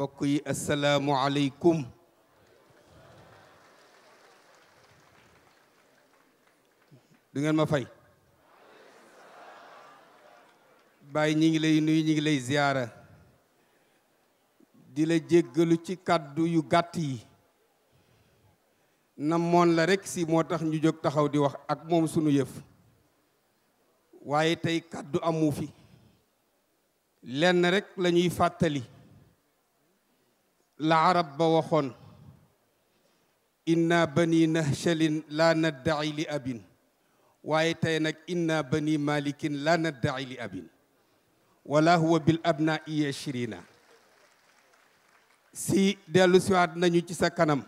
bokk yi asalaamualeykum du ngeen ma fay bàyyi ñi ngi lay nuyu ñi ngi lay ziyaara di la jéggalu ci kàddu yu gàtt yi namoon la rekk si moo tax ñu jóg taxaw di wax ak moom sunu yëf waaye tey kàddu amu fi lenn rekk lañuy fàttali la arab ba waxoon inna bani nahshalin la naddaci li abin waaye tey nag inna bani malikin la naddaci li abin wala huwa bil abna i yashrina si dellu siwaat ci sa kanam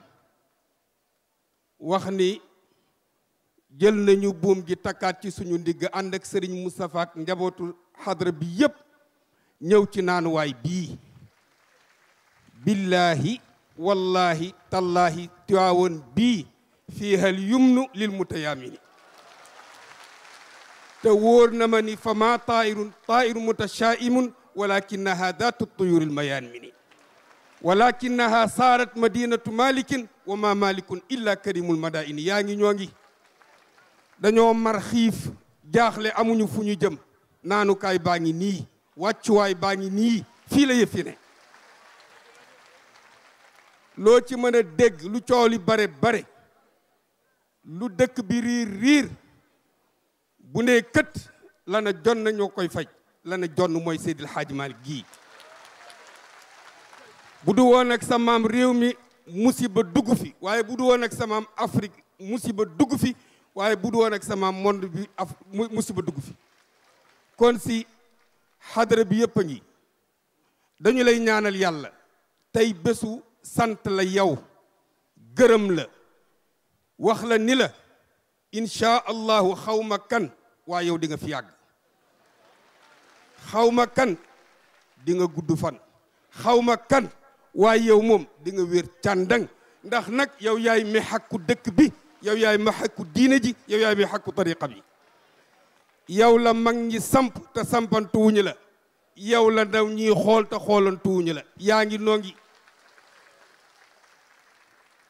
wax ni jël nañu buum gi takkaat ci suñu ndigg ànd ak sëriñ Moustapha njabootu xadra bi yépp ñëw ci naanuwaay bii billaahi wallaahi tallaahi tiwaawoon bii fiihal yumnu lil mutayaamini te wóor na ni fa maa taayirun taayirun mutashaa'imun walakinaha daatu tuyuril mayaamini walakinaha saarat madinatu malikin wa ma malikun illa karimul madaini yaa ngi ñoo ngi dañoo mar xiif jaaxle amuñu fu ñu jëm naanukaay baa ngi nii wàccuwaay baa ngi nii fii la yëf loo ci mën a dégg lu coow li bare bare lu dëkk bi riir riir bu nee kët lana jon na koy faj lana jonn mooy Seydil Hadji Malick gii bu du woon ak sa maam réew mi musiba dugg fi waaye bu du woon ak sa maam Afrique musiba dugg fi waaye bu du woon ak sa maam monde bi af musiba dugg fi kon si xadara bi yëpp a ngi dañu lay ñaanal yàlla tey bésu sant la yow gërëm la wax la ni la inchaa allahu xawma kan waa yow di nga fi yàgg xawma kan dinga gudd fan xawma kan waa yow moom di nga wér càndang ndax nag yow yaay mi xakku dëkk bi yow yaay mi xakku diine ji yow yaay mi xakku tariqa bi yow la mag ñi samp te sampantuwuñu la yow la ndaw ñiy xool te xoolantuwuñu la yaa ngi noo ngi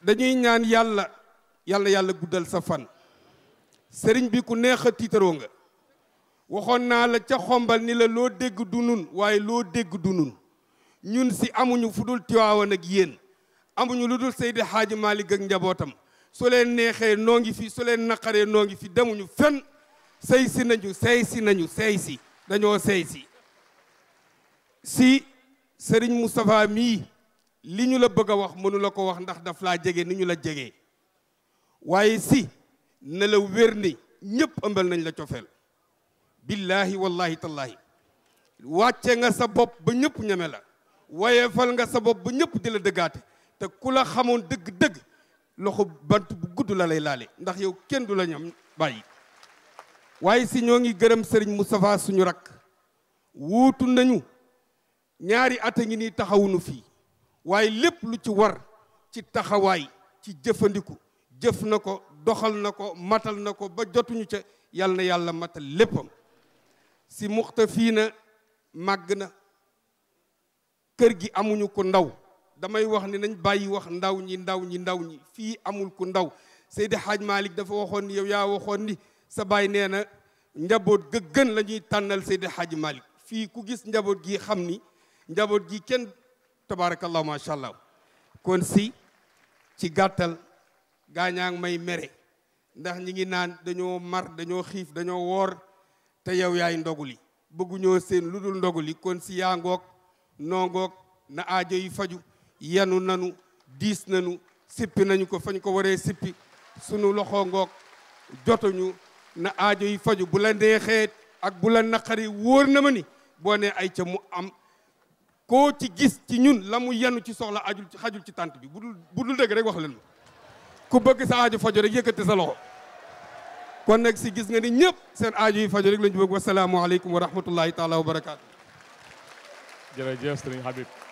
dañuy ñaan yàlla yàlla yàlla guddal sa fan sëriñ bi ku neexa a tiitaroo nga waxoon naa la ca xombal ni la loo dégg du nun waaye loo dégg du nun ñun si amuñu fu dul Tiwaawan ak yéen amuñu lu dul Seydi Xaaji Maalik ak njabootam su leen neexee noo ngi fi su leen naqaree noo ngi fi demuñu fen sëy si nañu sey si nañu sey si dañoo sey si sëriñ Moustapha mii li ñu la bëgg a wax mënula ko wax ndax daf laa jege ni ñu la jege waaye si nelaw wér ni ñëpp ëmbal nañ la cofeel billaahi wallahi tallaahi wàcce nga sa bopp ba ñëpp ñeme la waaye fal nga sa bopp ba ñëpp di la dëggaate te ku la xamoon dëgg-dëgg loxo bant bu gudd la lay laale ndax yow kenn du la ñam bàyyi waaye si ñoo ngi gërëm sëriñ Moustapha suñu rakk wuutu nañu ñaari at a ngi nii taxawunu fii waaye lépp lu ci war ci taxawaay ci jëfandiku jëf na ko doxal na ko matal na ko ba jotuñu ca yàlla yàlla matal léppam si muxta fii na màgg na kër gi amuñu ko ndaw damay wax ni nañ bàyyi wax ndaw ñi ndaw ñi ndaw ñi fii amul ku ndaw Seydi Hadj Malick dafa waxoon ni yow yaa waxoon ni sa baay nee na njaboot ga gën lañuy tànnal Seydi Hadj malik fii ku gis njaboot gi xam ni njaboot gi kenn tabarakallahu macha allah kon si ci gàttal gaañaa ngi may mere ndax ñi ngi naan dañoo mar dañoo xiif dañoo woor te yow yaay ndogu li bëgguñoo seen lu dul ndogu li kon si yaa ngoog noo ngoog na aajo yi faju yanu nanu diis nanu sippi nañu ko fañ ko waree sippi sunu loxo ngook jotuñu na aajo yi faju bu la neexee ak bu la naqari wóor na ma boo ne ay ca mu am koo ci gis ci ñun lamu mu ci soxla ajul ci xajul ci tànt bi bu dul bu dul dëgg rek wax leen ku bëgg sa aajo fajo rek yëkkati sa loxo kon nag si gis nga ni ñëpp seen aajo yi fajo rek lañu bëgg wasalaamualeykum wa rahmatullahi taala wa barakaatu jërëjëf sëriñ Habib